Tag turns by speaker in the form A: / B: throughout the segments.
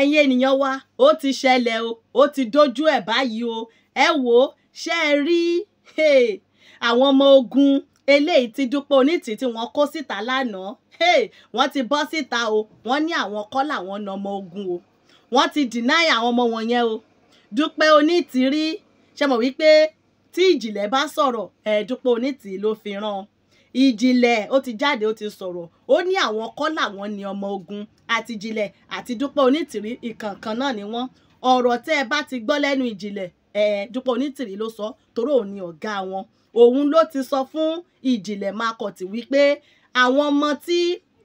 A: ẹ̀yin ènìyàn wa ó ti ṣẹlẹ̀ o ó ti dojú ẹ̀ báyìí o ẹ wò ó ṣe é rí àwọn ọmọ ogun eléyìí ti Dúpẹ́ Onítìrí tí wọ́n kó síta lánàá wọ́n ti bọ́ síta o wọ́n ní àwọn kọ́ làwọn na ọmọ ogun o wọ́n ti deny àwọn ọmọ wọn yẹn o Dúpẹ́ Onítìrí ṣe mọ̀ wípé tí ìjìnlẹ̀ bá sọ̀rọ̀ ẹ̀ Dúpẹ́ Onítìrí ló fi rán ìjìnlẹ̀ ó ti jáde ó ti sọ̀rọ̀ ó ní àwọn kọ́ làwọn ni ọmọ ogun àti ìjìnlẹ̀ àti dúpọ̀ onítìrí ìkànkan náà ni wọ́n ọ̀rọ̀ tẹ́ ẹ bá ti gbọ́ lẹ́nu ìjìnlẹ̀ ẹ̀ dúpọ̀ onítìrí ló sọ torí òun ni ọ̀gá wọn òun ló ti sọ fún ìjìnlẹ̀ makọ̀tì wípé àwọn ọmọ tí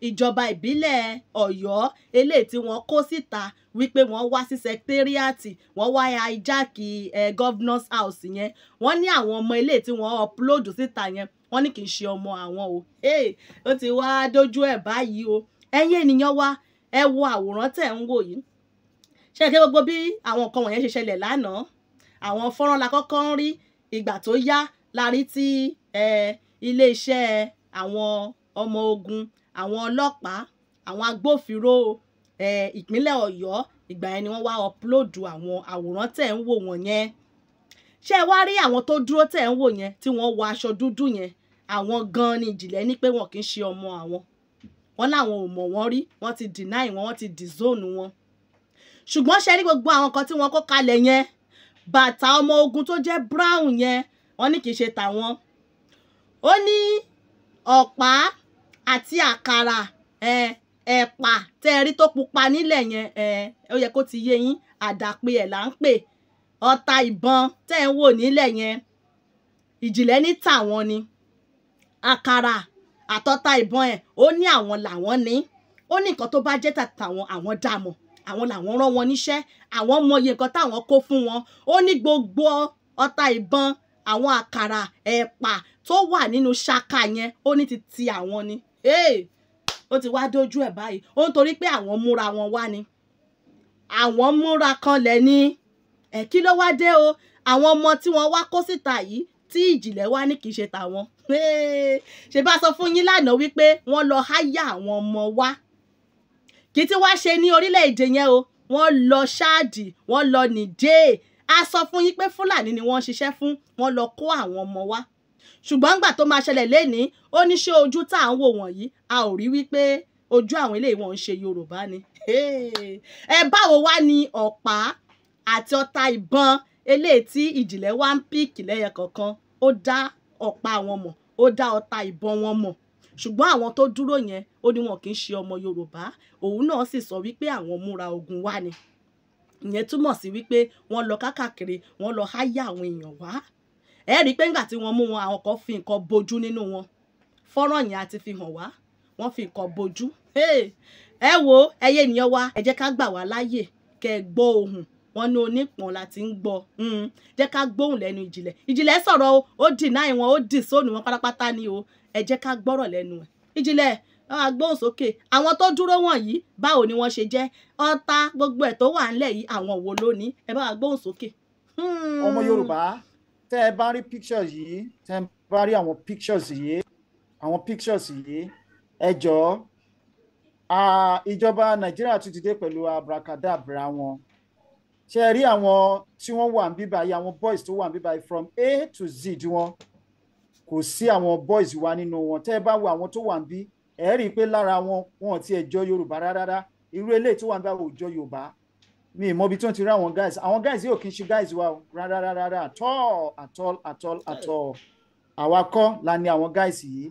A: ìjọba ìbílẹ̀ ọ̀yọ́ eléyìí tí wọ́n kó síta wípé wọ́n wá sí sẹkítẹ́rìàtì wọ́n wá hijackì eh, governors house yẹn wọ́n ní àwọn ọmọ eléyìí tí wọ́n upload síta yẹn wọ́n ní kì í ṣe ọmọ àwọn o ó ti wá dójú ẹ̀ báyìí o ẹ̀yin ènìyàn wa ẹ wo àwòrán tẹ̀ ń wò yìí ṣe é ké gbogbo bí àwọn nǹkan wọ̀nyẹn ṣe ṣẹlẹ̀ lánàá àwọn fọ́nrán la kọ́kọ́ ń rí ìgbà tó yá la rí tí iléeṣẹ́ àwọn ọmọ ogun àwọn ọlọ́pàá àwọn agbófinró ìpínlẹ̀ Ọ̀yọ́ ìgbà yẹn ni wọ́n wá ọ̀pulóòdù àwọn àwòrán tẹ̀ ń wò wọ̀n yẹn ṣé ẹ wá rí àwọn tó dúró tẹ̀ ń wò yẹn tí wọ́n wọ aṣọ dúdú yẹn àwọn gan-an ni ìjìnlẹ̀ ní pé wọn kì í ṣe ọmọ àwọn wọ́n láwọn ò mọ̀ wọ́n rí wọ́n ti deny wọn wọ́n ti disown wọn ṣùgbọ́n ṣe rí gbogbo àwọn kan tí wọ́n kó kalẹ̀ yẹn bàtà ọmọ ogun tó jẹ́ brown yẹn wọ́n ní kì í ṣe tàwọn ó ní ọ̀pá àti àkàrà ẹ̀pà tẹ́ ẹ rí tó pupa nílẹ̀ yẹn ó yẹ kó ti yé yín àdàpè ẹ̀ là ń pè ọta ìbọn tẹ́ ẹ ń wò nílẹ̀ yẹn ìjìnlẹ̀ ní tàwọn ni àkàrà àtọ́ta ìbọn ẹ̀ ó ní àwọn làwọn ní ó ní nǹkan tó bá jẹ́ tàtàwọn àwọn dààmú àwọn làwọn rán wọn níṣẹ́ àwọn mọyì nǹkan táwọn kó fún wọn ó ní gbogbo ọta ìbọn àwọn àkàrà ẹ̀pà tó wà nínú ṣáká yẹn ó ní ti ti àwọn ni ó ti wá dójú ẹ̀ báyìí ó ń torí pé àwọn múra wọn wá ni àwọn múra kanlẹ̀ ni ẹ̀ kí ló wá dé o àwọn ọmọ tí wọ́n wá kó síta yìí tí ìjìnlẹ̀ wá ní kì í ṣe tàwọn ṣe bá sọ fún yín lánàá wípé wọ́n lọ háyà àwọn ọmọ wa kì í ti wá ṣe ní orílẹ̀-èdè yẹn o wọ́n lọ ṣáàdì wọ́n lọ nìjẹ́ẹ̀ a sọ fún yín pé fúlàní ni wọ́n ṣiṣẹ́ fún wọ́n lọ kó àwọn ọmọ wa ṣùgbọ́n nígbà tó máa ṣẹlẹ̀ lẹ́ni ó ní ṣé ojú tá à ń wò wọ̀nyí a ò rí wípé ojú àwọn eléyìí wọn ń ṣe yorùbá ni ẹ báwo wá ni ọ̀pá àti ọta ìbọn eléyìí tí ìjìnlẹ̀ wá ń píìkì lẹ́yẹ kọ̀ọ̀kan ó dá ọ̀pá wọn mọ̀ ó dá ọta ìbọn wọn mọ̀ ṣùgbọ́n àwọn tó dúró yẹn ó ní wọn kì í ṣe ọmọ Yorùbá òun náà sì sọ wípé àwọn múra ogun wá ni ìyẹn túmọ̀ sí wípé wọ́n lọ kákàkiri wọ́n lọ háyà àwọn èèyàn wá ẹ rí i pé ńgbà tí wọ́n mú wọn àwọn kan fi nǹkan bojú nínú wọn fọ́nrán yẹn àti fi hàn wá wọ́n fi nǹkan bojú ẹ wo ẹyẹ ènìyàn wa ẹ jẹ́ ká gbà wá láàyè kẹ́ gbọ́ ohùn wọ́n ní onípọ̀n la ti ń gbọ́ hmm. jẹ́ ká gbóhùn lẹ́nu ìjìnlẹ̀ ìjìnlẹ̀ sọ̀rọ̀ o ó deny wọn ó dì sóònù wọn pátápátá ni o ẹ jẹ́ ká gbọ́rọ̀ lẹ́nu ẹ̀ ìjìnlẹ̀ agbóhùn sókè àwọn tó dúró wọ̀nyí báwo ni wọ́n ṣe jẹ́ ọ̀tá gbogbo ẹ̀ tó wà ńlẹ̀ yìí àwọn wo ló ní ẹ bá agbóhùn sókè. Hmm. ọmọ Yorùbá
B: tẹ ẹ bá rí pictures yìí tẹ ẹ bá rí àwọn pictures yìí àwọn pictures yìí ẹ jọ̀ọ́ ìjọba Nàìjíríà tún ti dé pẹ̀lú abracadabra wọn ṣe rí àwọn tí wọ́n wà níbí báyìí àwọn boys tó wà níbí báyìí from A to Z wọn kò sí àwọn boys wa nínú wọn tẹ́ ẹ bá wo àwọn tó wà níbí ẹ rí i pé lára wọn wọn ti ẹ̀ jọ Yorùbá rárá irú eléyìí tó wà níbí àwọn òjọ Yorùbá mi mọ ibi tí wọn ti rí àwọn guys àwọn guys yóò kí n ṣe guys wa rárá rárá at all at all at all at all àwa kọ́ la ní àwọn guys yìí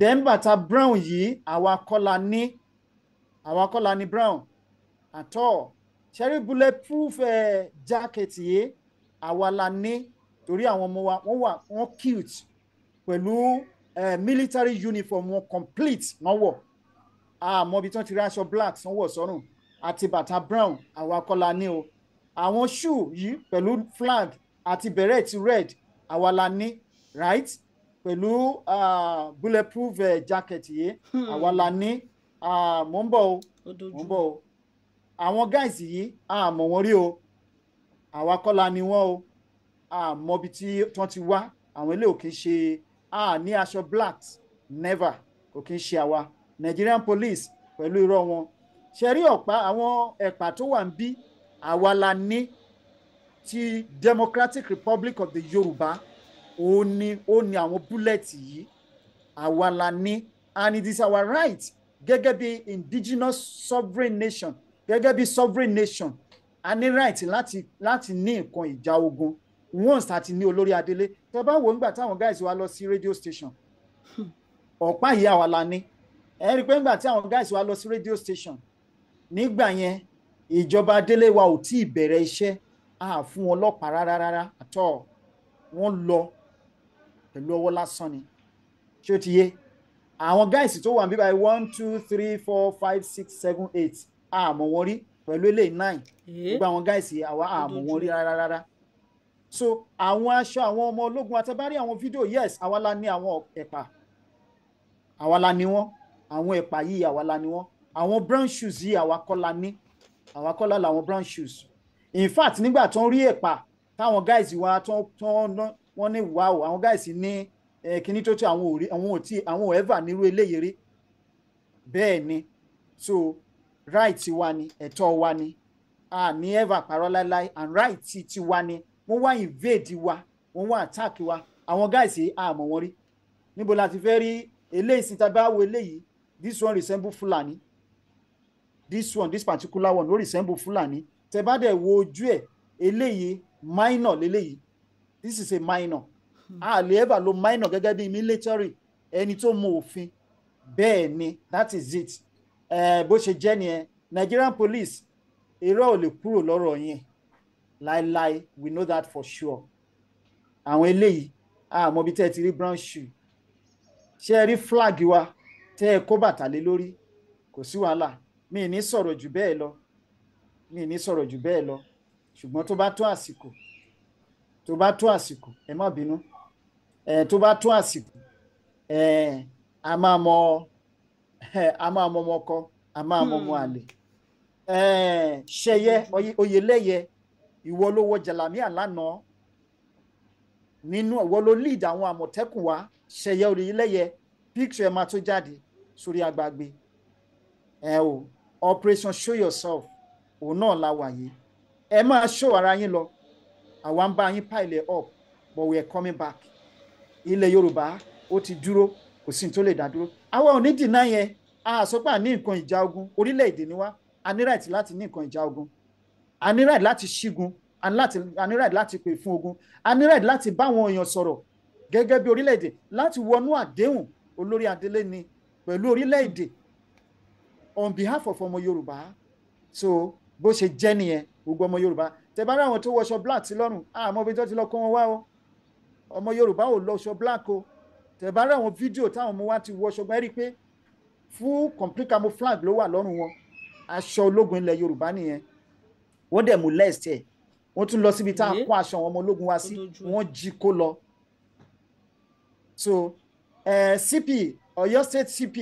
B: then bàtà brown yìí àwa kọ́ la ní àwa kọ́ la ní brown at all ṣẹ́rí bulletproof eh, jacket yìí àwa la ní torí àwọn ọmọ wa wọ́n wà wọ́n cute pẹ̀lú eh, military uniform wọn complete wọ́n wọ̀ àmọ́ ibi tí wọ́n ti rí aṣọ black wọ́n wọ̀ sọ́rùn àti bàtà brown àwa kọ́ la ní o àwọn shoe yìí pẹ̀lú flag àti beret red àwa la ní right pẹ̀lú uh, bulletproof uh, jacket yìí àwa la ní ah, mò ń bọ̀ o mò ń bọ̀ o àwọn guys yìí a mọ̀ wọ́n rí o àwa kọ́la ni wọ́n o a mọ̀ ibi tí wọ́n ti wá àwọn ilé ò kì í ṣe a ní aṣọ black never kò kì í ṣe àwa Nigerian police pẹ̀lú irọ́ wọn ṣe rí ọ̀pá àwọn ẹ̀pà tó wà ń bí àwa la ní ti Democratic Republic of the Yorùbá ó ní ó ní àwọn búlẹ̀tì yìí àwa la ní and it is our right gẹ́gẹ́ bí indigenous sovereign nation gẹ́gẹ́ bí sovereign nation a ní right láti láti ní nǹkan ìjà ogun once àti ní olórí adélé tẹ bá wò nígbà táwọn guys wa lọ sí radio station ọ̀pá ìyá wa la ní ẹ rí i pé nígbà tí guys wa lọ sí radio station nígbà yẹn ìjọba adélé wa ò tí ì bẹ̀rẹ̀ iṣẹ́ a fún ọlọ́pàá rárá rárá àtọ́ wọ́n lọ pẹ̀lú ọwọ́ lásán ni ṣé o ti yé àwọn guys tó wà níbí báyìí one two three four five six seven eight àmọ̀ wọn rí pẹ̀lú eléyìí nine gbogbo àwọn gáìsì àwa àmọ̀ wọn rí rárá rárá so àwọn aṣọ àwọn ọmọ ológun àtẹbárí àwọn fídíò yes àwa la ní àwọn ẹ̀pà àwa la ní wọn àwọn ẹ̀pà yìí àwa la ní wọn àwọn brown shoes yìí àwa kọ́ la ní àwa kọ́ la làwọn brown shoes in fact nígbà tó ń rí ẹ̀pà táwọn gáìsì wa tó ń wọ́n ní wàhù àwọn gáìsì ní kíní tó tó àwọn ò àwọn ò nírú eléyìí rí bẹ́ẹ̀ ni so right wa ni ẹ̀tọ́ wa ni a ní ever parọ́ láíláí and right ti wa ni wọ́n wá invade wa wọ́n wá attack wa àwọn guys yìí àmọ́ wọn rí níbo la ti fẹ́ rí eléyìí síta bá wo eléyìí this one resemble Fulani this one this particular one ló resemble Fulani tẹ bá dẹ̀ wo ojú ẹ̀ eléyìí minor leléyìí this is a minor a lè ever lo minor gẹ́gẹ́ bí military ẹni tó mọ òfin bẹ́ẹ̀ ni that is it bó ṣe jẹ́ nìyẹn Nigerian police irọ́ ò lè kúrò lọ́rọ̀ yẹn láéláé we know that for sure àwọn eléyìí àmọ́ bí tẹ́ ẹ ti rí brown shoe ṣé ẹ rí flag wa tẹ́ ẹ kó bàtà lé lórí kò sí wàhálà mi ní sọ̀rọ̀ jù bẹ́ẹ̀ lọ mi ní sọ̀rọ̀ jù bẹ́ẹ̀ lọ ṣùgbọ́n tó bá tó àsìkò tó bá tó àsìkò ẹ má bínú ẹ tó bá tó àsìkò ẹ a máa mọ a máa mọ ọmọ hmm. ṣẹyẹ oyelẹyẹ ìwọ ló wọ jàlámíà lánàá nínú ìwọ ló lead àwọn àmọ̀tẹ́kùn wa ṣẹyẹ oyelẹyẹ píktù ẹ máa tó jáde sórí agbágbé ẹ o operation show yourself òun náà la wà yìí ẹ máa show ara yín lọ àwa ń bá yín pile up but we are coming back ilẹ̀ yorùbá ó ti dúró kò sí tó lè dá dúró àwa ò ní dìnnà yẹn a àsopà ní nǹkan ìjà ogun orílẹ̀-èdè ni wá a ní right láti ní nǹkan ìjà ogun a ní right láti ṣígun a ní right láti pè fún ogun a ní right láti bá àwọn èèyàn sọ̀rọ̀ gẹ́gẹ́ bí orílẹ̀-èdè láti wọnú àdéhùn olórí adélé ni pẹ̀lú orílẹ̀-èdè on behalf of ọmọ Yorùbá so bó ṣe jẹ́ nìyẹn gbogbo ọmọ Yorùbá tẹ bá ráwọn tó wọṣọ black sí lọ́rùn àmọ́ bí tó ti lọ kó wọn wá o ọmọ Yorùbá ò lọṣọ black o tẹ̀bá rẹ̀ àwọn fídíò táwọn ọmọ wa ti wọ ṣọgbọ́n rí pé full complete camouflage ló wà lọ́rùn wọn aṣọ ológun ilẹ̀ yorùbá nìyẹn wọ́n dẹ̀ mú lẹ́ẹ̀sì ẹ̀ wọ́n tún lọ síbi tá à ń kó aṣọ àwọn ọmọ ológun wa sí wọ́n jí kó lọ. so eh, cp Ọ̀yọ́ state cp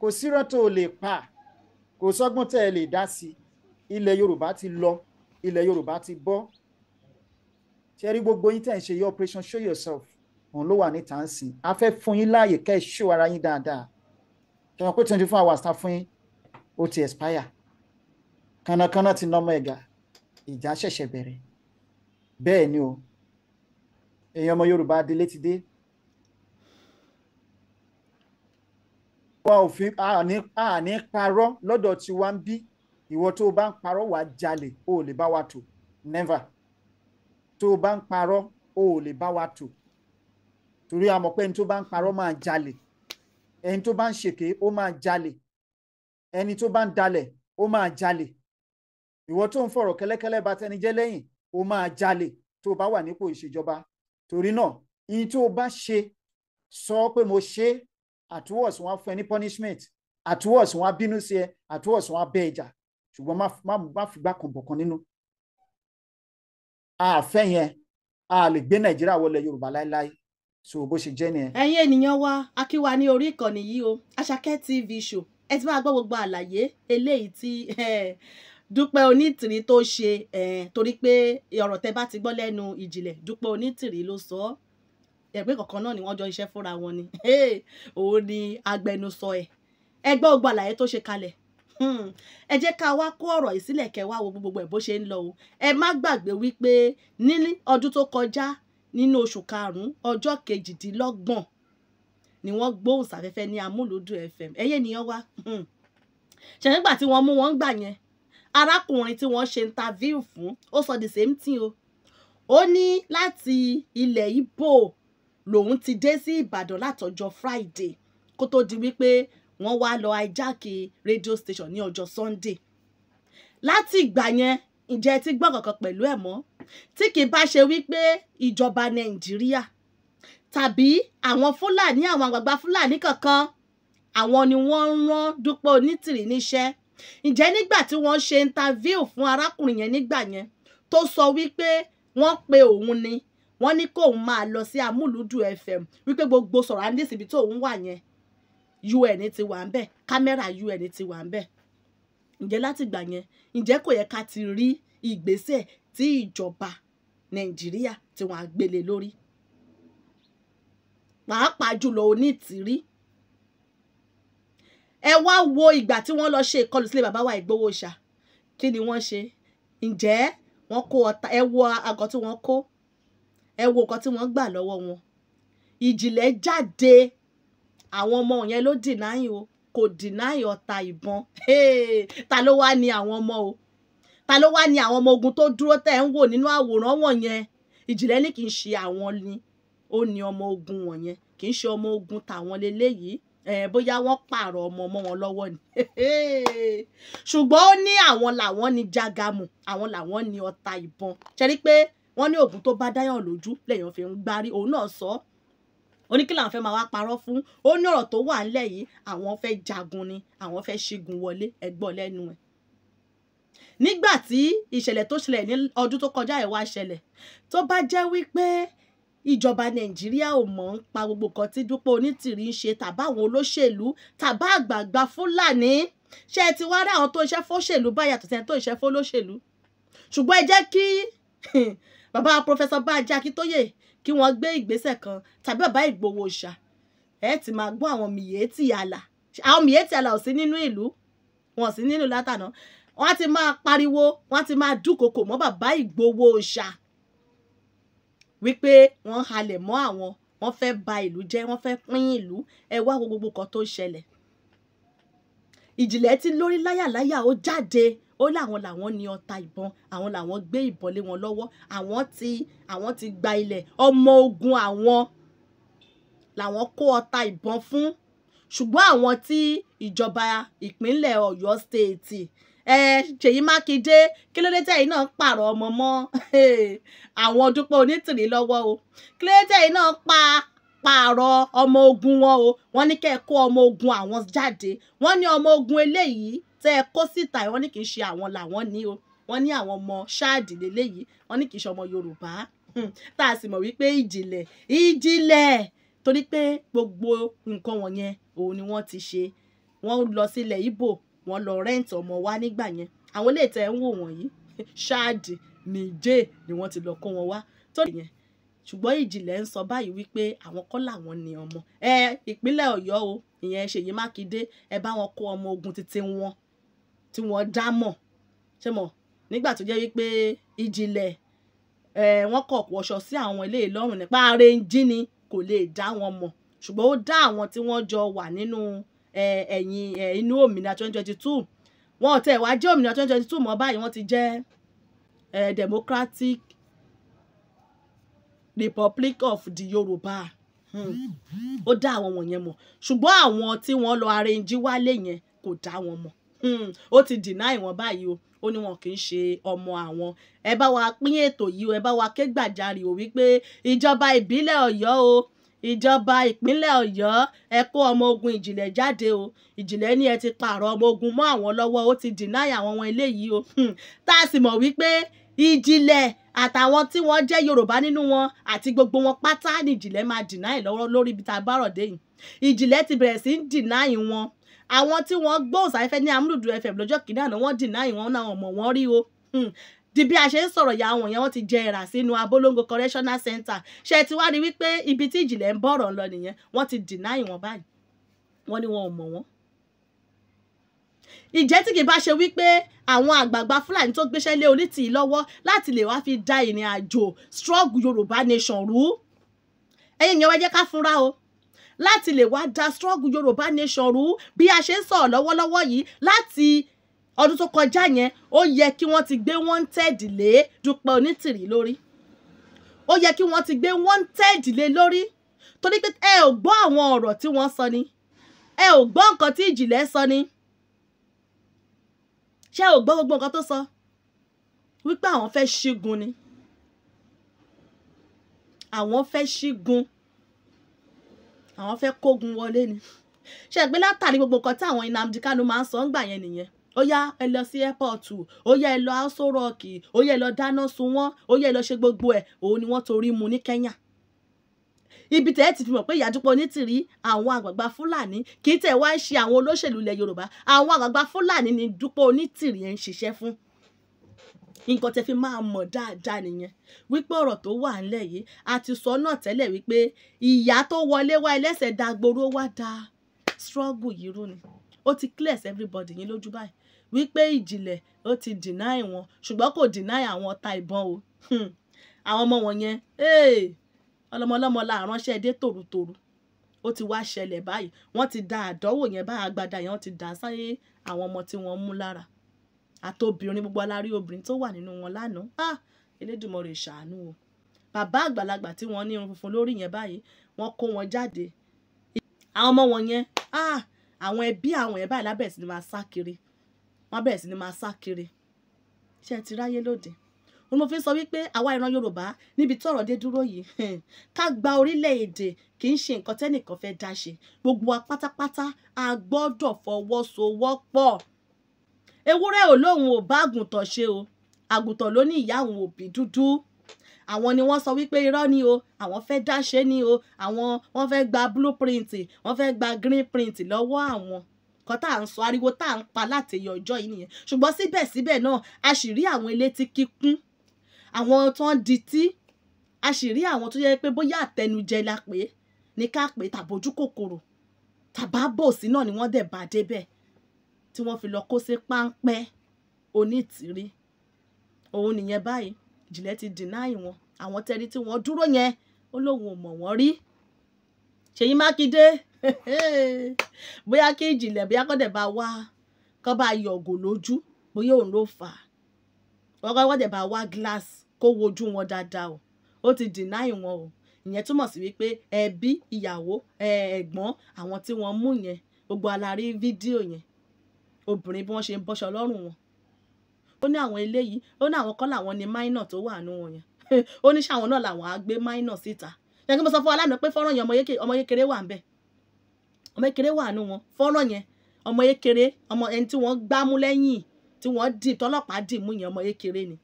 B: kò sírọ́ tó lè pa kò sọ́gbọ́n tẹ́ ẹ lè dá sí ilẹ̀ yorùbá ti lọ ilẹ̀ yorùbá ti bọ́ ṣe rí gbogbo yín tẹ̀ ń ṣe your operation show yourself òun ló wà níta ń sìn a fẹ́ fún yín láàyè kẹ́ ẹ ṣó ara yín dáadáa tọ́wọ́n pé twenty four hours ta fún yín ó ti expire kánnakánná ti nà ọmọ ẹ̀gà ìjà ṣẹ̀ṣẹ̀ bẹ̀rẹ̀ bẹ́ẹ̀ ni o èèyàn ọmọ Yorùbá adélé ti dé wa òfin àní parọ́ lọ́dọ̀ tí wá ń bí ìwọ tó o bá ń parọ́ wàá jalè o ò lè bá wa tò never tó o bá ń parọ́ o ò lè bá wa tò torí a mọ̀ pé ẹni tó bá ń parọ́ máa jalè ẹni tó bá ń ṣèké ó máa jalè ẹni tó bá ń dalẹ̀ ó máa jalè ìwọ tó ń fọ̀rọ̀ kẹ́lẹ́kẹ́lẹ́ bá tẹni jẹ́ lẹ́yìn ó máa jalè tó bá wà nípò ìṣèjọba torí náà iye tó bá ṣe sọ pé mo ṣe àtúwọ̀sùn wa fún ẹ punishment àtúwọ̀sùn wa bínú sí ẹ àtúwọ̀sùn wa bẹ ìjà ṣùgbọ́n má fìgbà kan bọ̀kan nínú. àfẹ́ yẹn a lè gbé nàìjíríà wọlé yorùbá láéláé so bó ṣe jẹ́ nìyẹn.
A: ẹ̀yin ènìyàn wa a kí wa ní orí ìkànnì yìí o Àṣàkẹ́ TV show ẹ ti máa gbọ́ gbogbo àlàyé eléyìí tí eh, Dúpẹ́ Onítìrí tó ṣe eh, torí pé ọ̀rọ̀ tẹ bá ti gbọ́ lẹ́nu ìjìnlẹ̀ Dúpẹ́ Onítìrí ló sọ ọ́ ẹ̀gbẹ́ kọ̀ọ̀kan náà ni wọ́n jọ iṣẹ́ fúnra wọn ni òun ni agbẹnusọ ẹ̀ ẹ gbọ́ gbogbo àlàyé tó ṣe kalẹ̀ hmm. ẹ jẹ́ ká wá kó ọ̀rọ̀ yìí sílẹ̀ wo gbogbo ẹ̀ bó ṣe ń lọ o ẹ má gbàgbé wípé ní ọdún tó kọjá nínú oṣù karùn-ún ọjọ́ kejìdínlọ́gbọ̀n ni wọ́n gbóhùn sáfẹ́fẹ́ ní amúlòdùn fm ẹ̀yẹ́ ènìyàn wa hmm. ṣẹ̀ṣẹ̀ gbà tí wọ́n mú wọn gbà yẹn arákùnrin tí wọ́n ṣe interview fún ó sọ the same thing o ó ní láti ilẹ̀ ibo lòun ti dé sí ìbàdàn látọjọ́ friday kó tó di wípé wọ́n wá lọ ajáke radio station ní ọjọ́ sunday láti ìgbà yẹn ǹjẹ́ ti gbọ́ kankan pẹ̀lú ẹ̀ mọ́ tí kì í bá ṣe wípé ìjọba nàìjíríà tàbí àwọn fúlàní àwọn àgbààgbà fúlàní kankan àwọn ni wọ́n ń rán Dúpẹ́ Onítìrì níṣẹ́ ǹjẹ́ nígbà tí wọ́n ṣe interview fún arákùnrin yẹn nígbà yẹn tó sọ wípé wọ́n pe òun ni wọ́n ní kóun máa lọ sí amúlùdù fm wípé gbogbo surroundings ibi tóun wà yẹn un ti wà ń bẹ̀ kámẹ́rà un ti wà ń bẹ̀ ǹjẹ́ látìgbà yẹn ǹjẹ́ kò yẹ ká ti rí ìgbésẹ̀ tí ìjọba nàìjíríà tí wọ́n á gbélé lórí pàápàá jùlọ onítìrí ẹ wá wo ìgbà tí wọ́n lọ ṣe ìkọlù sílé bàbá wa Ìgbòho ṣá kí ni wọ́n ṣe ǹjẹ́ wọ́n kó ọta ẹ wo àgọ́ tí wọ́n kó ẹ wo nǹkan tí wọ́n gbà lọ́wọ́ wọn ìjìnlẹ̀ jáde àwọn ọmọ yẹn ló dìnnáyìn o kò dìnnáyìn ọta ìbọn ta ló wá ní àwọn ọmọ o ta ló wá ní àwọn ọmọ ogun tó dúró tẹ̀ ń wò nínú àwòrán wọ̀nyẹn ìjìnlẹ̀ ní kì í ṣe àwọn ni ó ní ọmọ ogun wọ̀nyẹn kì í ṣe ọmọ ogun tàwọn leléyìí bóyá wọ́n pààrọ̀ ọmọ ọmọ wọn lọ́wọ́ ni ṣùgbọ́n ó ní àwọn làwọn ni jágàmù àwọn làwọn ni ọta ìbọn ṣẹ́rí pé wọ́n ní oògùn tó bá dáyàn lójú lẹ́yìn fi ń gbárí òun náà sọ ó ní kí làwọn fẹ́ máa wá parọ́ fún ó ní ọ̀rọ̀ tó wà ńlẹ̀ yìí àwọn fẹ́ jagun ni àwọn fẹ́ ṣígun wọlé ẹgbọ́n lẹ́nu ẹ̀ nígbà tí ìṣẹ̀lẹ̀ tó ṣẹlẹ̀ ní ọdún tó kọjá ẹ̀ wá ṣẹlẹ̀ tó bá jẹ́ wípé ìjọba nàìjíríà ò mọ̀ ń pa gbogbo kan tí Dúpẹ́ Onítìrí ń ṣe tàbá àwọn olóṣèlú tàbá àgbààgbà fúlàní ṣé ẹ ti wá rí àwọn tó ń ṣe fóṣèlú báyìí àtọ̀tí ẹni tó ń ṣe fólóṣèlú ṣùgbọ́n ẹ jẹ́ kí bàbá pọfẹsọ Bánjí Akíntóyè kí wọ́n gbé ìgbésẹ̀ kan tàbí bàbá Ìgbòho Òòṣà ẹ ti máa gbọ́ àwọn mìyẹ́tì àlà àwọn mìyẹ́tì àlà ò sí nínú ìlú wọn ò sí nínú látàná wọ́n á ti máa pariwo wọ́n á ti máa dúnkokò mọ́ bàbá Ìgbòho Òòṣà wípé wọ́n halẹ̀ mọ́ àwọn wọ́n fẹ́ ba ìlú jẹ́ wọ́n fẹ́ pín ìlú ẹ wá gbogbo kan tó ń ṣẹlẹ̀ ìjìnlẹ̀ tí lórí láyàláyà ó jáde ó láwọn làwọn ní ọta ìbọn àwọn làwọn gbé ìbọn lé wọn lọ́wọ́ àwọn ti àwọn ti gba ilẹ̀ ọmọ ogun àwọn làwọn kó ọta ìbọn fún ṣùgbọ́n àwọn tí ìjọba ìpínlẹ̀ Ọ̀yọ́ stéètì ṣèyí mákindé kí ló dé tẹ̀yìn náà pààrọ̀ ọmọ mọ́ àwọn dúpọ̀ onítìrí lọ́wọ́ o kí ló dé tẹ̀yìn náà pa pààrọ̀ ọmọ ogun wọn o wọ́n ní kẹ́ ẹ kó ọmọ ogun àwọn jáde wọ́n ní ọmọ ogun eléyìí tẹ́ ẹ kó síta wọ́n ní kì í ṣe àwọn làwọn ní o wọ́n ní àwọn ọmọ ṣáàdì lélẹ́yìí wọ́n ní kì í ṣe ọmọ yorùbá hmm, tá a sì mọ̀ wípé ìjìnlẹ̀ ìjìnlẹ̀ torí pé gbogbo nǹkan wọ̀nyẹn òun ni wọ́n ti ṣe wọ́n lọ sílẹ̀ ibo wọ́n lọ rẹ́ǹtì ọmọ wa nígbà yẹn àwọn ilé ìtẹ̀ ń wò wọ̀nyí ṣáàdì níjẹ́ ni wọ́n ti lọ kó wọn wá tó yẹn ṣùgbọ́n ìjìnlẹ̀ ń sọ báyìí wípé àwọn kọ́ làwọn ni ọmọ ẹ ìpínlẹ̀ ọ̀yọ́ o ìyẹn ṣèyí mákindé ẹ bá wọn kó ọmọ ogun títí wọn tí wọ́n dá mọ̀ ṣé mọ̀ nígbà tó jẹ́ wípé ìjìnlẹ̀ ẹ wọ́n kọ̀ wọṣọ sí àwọn ilé ìlọ́run nípa arẹ́ńjì kò lè dá wọn mọ̀ ṣùgbọ́n ó dá àwọn tí wọ́n jọ wà nínú ẹ̀yìn inú òmìnira twenty twenty two wọn ò tẹ̀ wá jẹ́ òmìnira twenty twenty two mọ́ báyìí wọ́n ti jẹ́ democratic republic of the yorùbá hmm. ó dá àwọn wọ̀nyẹn mọ̀ ṣùgbọ́n àwọn tí wọ́n lọ arẹnjí wálé yẹn kò dá wọn mọ̀ hmm. ó ti deny wọn báyìí o ó ní wọn kì í ṣe ọmọ àwọn ẹ bá wa pín ètò yìí o ẹ bá wa ké gbàjarì o wípé ìjọba ìbílẹ̀ ọ̀yọ́ o ìjọba ìpínlẹ̀ ọ̀yọ́ ẹ kó ọmọ ogun ìjìnlẹ̀ jáde o ìjìnlẹ̀ ní ẹ ti pààrọ̀ ọmọ ogun mọ́ àwọn lọ́wọ́ ó ti dìnáì àwọn ọmọ eléyìí o hmm. tá a sì mọ̀ wípé ìjìnlẹ̀ àtàwọn tí wọ́n jẹ́ yorùbá nínú wọn àti gbogbo wọn pátá ní ìjìnlẹ̀ máa dìnáì lọ́wọ́ lórí ibi tá a bá dé yìí ìjìnlẹ̀ ti bẹ̀rẹ̀ sí ń dìnáì wọn àwọn tí wọ́n gbóhùn sáfẹ́fẹ́ ní amúlùdù fm lọ́jọ́ kìnínní àná wọ́n dìnáì wọn náà ọmọ wọn rí o hmm di bí a ṣe ń sọ̀rọ̀ ya àwọn èèyàn wọn ti jẹ ẹ̀rà sínú abolongo correctional center ṣe ti wá rí wípé ibi tí ìjìnlẹ̀ ń bọ̀rọ̀ lọ nìyẹn wọ́n ti deny wọn báyìí wọ́n ní wọn ò mọ̀ wọ́n. ìjẹ́ tí kì bá ṣe wípé àwọn àgbààgbà fúlàní tó gbéṣẹ́ lé Onítìrí lọ́wọ́ láti lè wá fi da ìrìn àjò struggle Yorùbá nation rú ẹ̀yin ìyẹn wá jẹ́ ká fúnra o láti lè wá da struggle Yorùbá nation rú bí a ṣe ń sọ̀rọ̀ lọ́wọ́lọ́wọ́ yìí láti ọdún tó kọjá yẹn ó yẹ kí wọ́n ti gbé wanted lé Dúpẹ́ Onítìrí lórí ó yẹ kí wọ́n ti gbé wanted lé lórí torí pé ẹ ò gbọ́ àwọn ọ̀rọ̀ tí wọ́n sọ ni ẹ ò gbọ́ nǹkan tí ìjìnlẹ̀ sọ ni ṣé ẹ ò gbọ́ gbogbo nǹkan tó sọ wípé àwọn fẹ́ ṣígun ni àwọn fẹ́ ṣígun àwọn fẹ́ kógun wọlé ni ṣe é látàrí gbogbo nǹkan tí àwọn Nnamdi Kanu máa ń sọ ń gbà yẹn nìyẹn ó yá ẹ lọ sí airport ó yá ẹ lọ aṣọ rọọkì ó yá ẹ lọ dáná sun wọn ó yá ẹ lọ ṣe gbogbo ẹ òun ni wọ́n torí mu ní Kenya ibi tẹ́ ẹ ti fi mọ̀ pé ìyájúpọ̀ onítìrí àwọn àgbààgbà fúlàní kì í tẹ̀ wá ń ṣe àwọn olóṣèlú ilẹ̀ yorùbá àwọn àgbààgbà fúlàní ni dúpọ̀ onítìrí yẹn ń ṣiṣẹ́ fún nǹkan tẹ́ fi máa mọ̀ dáadáa nìyẹn wípé ọ̀rọ̀ tó wà ńlẹ̀ yìí àti sọ náà tẹ́lẹ̀ wípé ìyá tó wọlé wá ẹlẹ́sẹ̀ dagboró wá da struggle yìí rú ni ó ti clears everybody yín lójú báyìí wípé ìjìnlẹ̀ ó ti deny wọn ṣùgbọ́n kò deny àwọn ọta ìbọn o hmm. àwọn ọmọ wọn yẹn ọlọmọlọmọ la ránṣẹ́ dé tòrutòru ó ti wá ṣẹlẹ̀ báyìí wọ́n ti da àdánwò yẹn bá agbada yẹn wọ́n ti dà sáyé àwọn ọmọ tí wọ́n mú lára àtobìnrin gbogbo alárí obìnrin tó wà nínú wọn lánàá ah Elédùmarè ṣàánú o bàbá àgbàlagbà tí wọ́n ní irun funfun lórí yẹn báyìí wọ́n kó wọn jáde àwọn ọmọ wọn yẹn ah àwọn ẹbí àwọn yẹn báyìí lábẹ́ sí ni máa sá kiri wọ́n bẹ̀rẹ̀ sí ni máa sá kiri ṣé ẹ ti ráyé lóde òun mo fi sọ wípé àwa ìran Yorùbá níbi tọ́rọ̀ dé dúró yìí ká gba orílẹ̀-èdè kì í ṣe nǹkan tẹ́nìkan fẹ́ dá ṣe gbogbo wa pátápátá a gbọ́dọ̀ fọwọ́sowọ́pọ̀ ewúrẹ́ ò lóun ò bá àgùntàn ṣe o àgùntàn ló ní ìyá àwọn òbí dúdú àwọn ni wọ́n sọ wípé irọ́ ni o àwọn fẹ́ dáṣe ni o àwọn wọ́n fẹ́ gba blue print wọ́n fẹ́ gba green print lọ́wọ́ àwọn nǹkan tá à ń sọ ariwo tá à ń pa látẹ̀yẹ ọjọ́ yìí nìyẹn ṣùgbọ́n síbẹ̀síbẹ̀ náà a sì rí àwọn elétí kíkún àwọn tó ń dití a sì rí àwọn tó yẹ pé bóyá àtẹnujẹ la pé ní ká pé tàbójú kòkòrò tàbábòsí náà ni wọ́n dẹ̀ bá débẹ̀ tí wọ́n fi lọ kó sí páńpẹ́ onítìrí òun nìyẹn báyìí ìjìnlẹ̀ ti dìnáì wọn àwọn tẹ́rí tí wọ́n dúró yẹn ó lóun ò mọ̀ wọ́n rí ṣèyí mákindé bóyá kí ìjìnlẹ̀ bóyá kọ́ dẹ̀ bá wá kọ́ bá yọ ògò lójú bóyá òun ló fà á kọ́ kọ́ dẹ̀ bá wá glass kó wojú wọn dáadáa o ó ti deny wọn o ìyẹn túmọ̀ sí wípé ẹbí ìyàwó ẹ̀gbọ́n àwọn tí wọ́n mú yẹn gbogbo alárí fídíò yẹn obìnrin bí wọ́n ṣe ń bọ́ṣọ lọ́rùn wọn ó ní àwọn eléyìí ó ní àwọn kọ́ làwọn ni máínà tó wà nù wọn yẹn ó ní ṣàwọn náà làwọn á gbé máínà síta yẹn kí mo sọ fún wa lánàá pé fọ́nrán yẹn ọmọ yékeré wà ń bẹ́ẹ̀ ọmọ kékeré wà nù wọn fọ́nrán yẹn ọmọ kékeré ọmọ ẹni tí wọ́n gbámú lẹ́yìn tí wọ́n dì tọ́lọ́pàá dì mú yẹn ọmọ kékeré ni.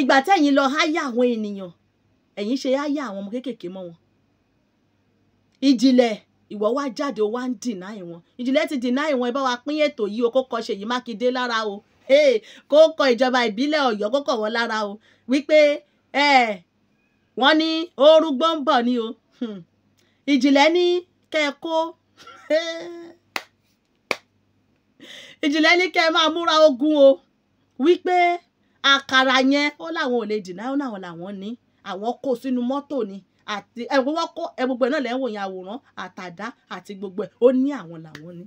A: ìgbà tẹ́yìn lọ háyà àwọn ènìyàn ẹ̀yìn ṣe háyà àwọn ọmọ kéékèèké mọ́ wọn. ìjìnlẹ̀ ìwọ wá jáde ó wá ń dìnáì wọn ìjìnlẹ̀ ti dìnáì wọn ẹ bá wa pín ètò yìí o kó kọ Ṣèyí Mákindé lára o kó kọ ìjọba ìbílẹ̀ Ọ̀yọ́ kó kọ wọn lára o wípé wọ́n ní orúgbó ń bọ̀ ni o. Hmm ìjìnlẹ̀ ní kẹ́ ẹ kó ìjìnlẹ̀ ní kẹ́ ẹ máa múra ogun o wípé àkàrà yẹn ó láwọn ò lè dìnnà ó láwọn làwọn ní àwọn kó sínú mọ́tò ni àti ẹ wọ́n kó ẹ gbogbo ẹ náà lẹ́ ń wòye àwòrán àtàdá àti gbogbo ẹ ó ní àwọn làwọn ní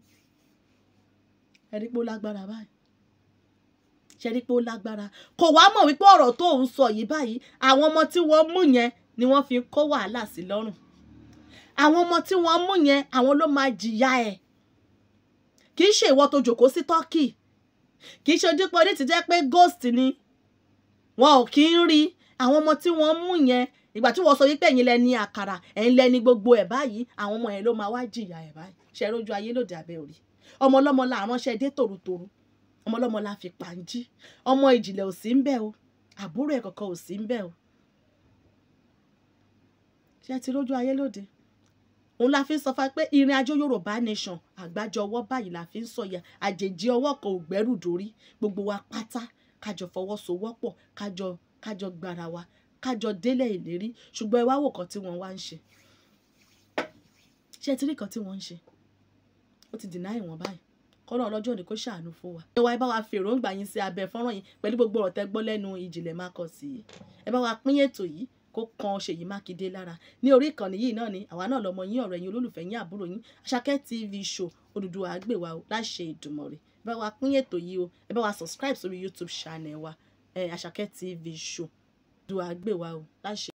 A: ẹ rí pé ó lágbára báyìí ṣe pé ó lágbára kò wá mọ̀ wípé ọ̀rọ̀ tó ń sọ yìí báyìí àwọn ọmọ tí wọ́n mú yẹn ni wọ́n fi ń kó wàhálà sí lọ́rùn àwọn ọmọ tí wọ́n mú yẹn àwọn ló máa jìyà ẹ̀ kì í ṣe ìwọ tó jòkó sí turkey kì í ṣe ojúpọ̀ ní ti jẹ́ pé ghost ni wọn ò kí ń rí àwọn ọmọ tí wọ́n mú yẹn ìgbà tí wọ́n sọ wípé ẹ̀yin lẹni àkàrà ẹ̀yin lẹni gbogbo ẹ̀ báyìí àwọn ọmọ yẹn ló máa wá jìyà ẹ̀ báyìí ṣe rojú ayé lòdì abẹ́ òrì ọmọ ọlọ́mọ la ránṣẹ́ dé tòrútòrú ọmọ ọlọ́mọ la fi pàǹjí ọmọ ìjìnlẹ̀ ò sí ń bẹ̀ o àbúrò ẹ̀ kọ̀ọ̀kan ò sí ń bẹ̀ o ṣe ti rojú ayé lòdì òun la fi ń sọ fún wa pé ìrìn àjò yorùbá nation àgbájọ ọwọ́ báyìí la fi ń sọ̀yà àjèjì ọwọ́ kan ò gbẹ́rù dórí gbogbo wa pátá kájọ fọwọ́sowọ́pọ̀ kájọ kájọ gbára wa kájọ délẹ̀ ìlérí ṣùgbọ́n ẹ wá wò kan tí wọ́n wá ń ṣe ṣé ẹ ti rí kan tí wọ́n ń ṣe ó ti dìnnáì wọn báyìí kọ́nà ọlọ́jọ́ ni kó ṣàánú fún wa. ẹ wá ẹ bá wa fèròǹgbà yín sí abẹ́ fọ́nrán yìí pẹ̀lú gbogbo ọ̀rọ̀ tẹ́ lẹ́nu ìjìnlẹ̀ mákọ̀sí yìí ẹ bá wa pín ètò yìí kó kan Ṣèyí Mákindé lára ní orí ìkànnì yìí náà ni àwa náà lọmọ yín ọ̀rẹ́ yín olólùfẹ́ yín àbúrò yín Àṣàkẹ́ TV show Odùduwà àgbèwà láṣẹ Èdùmàrè ẹ bá wa pín ètò yìí o ẹ bá wa subscribe sórí YouTube channel wa Àṣàkẹ́ TV show Odùduwà àgbèwà láṣẹ.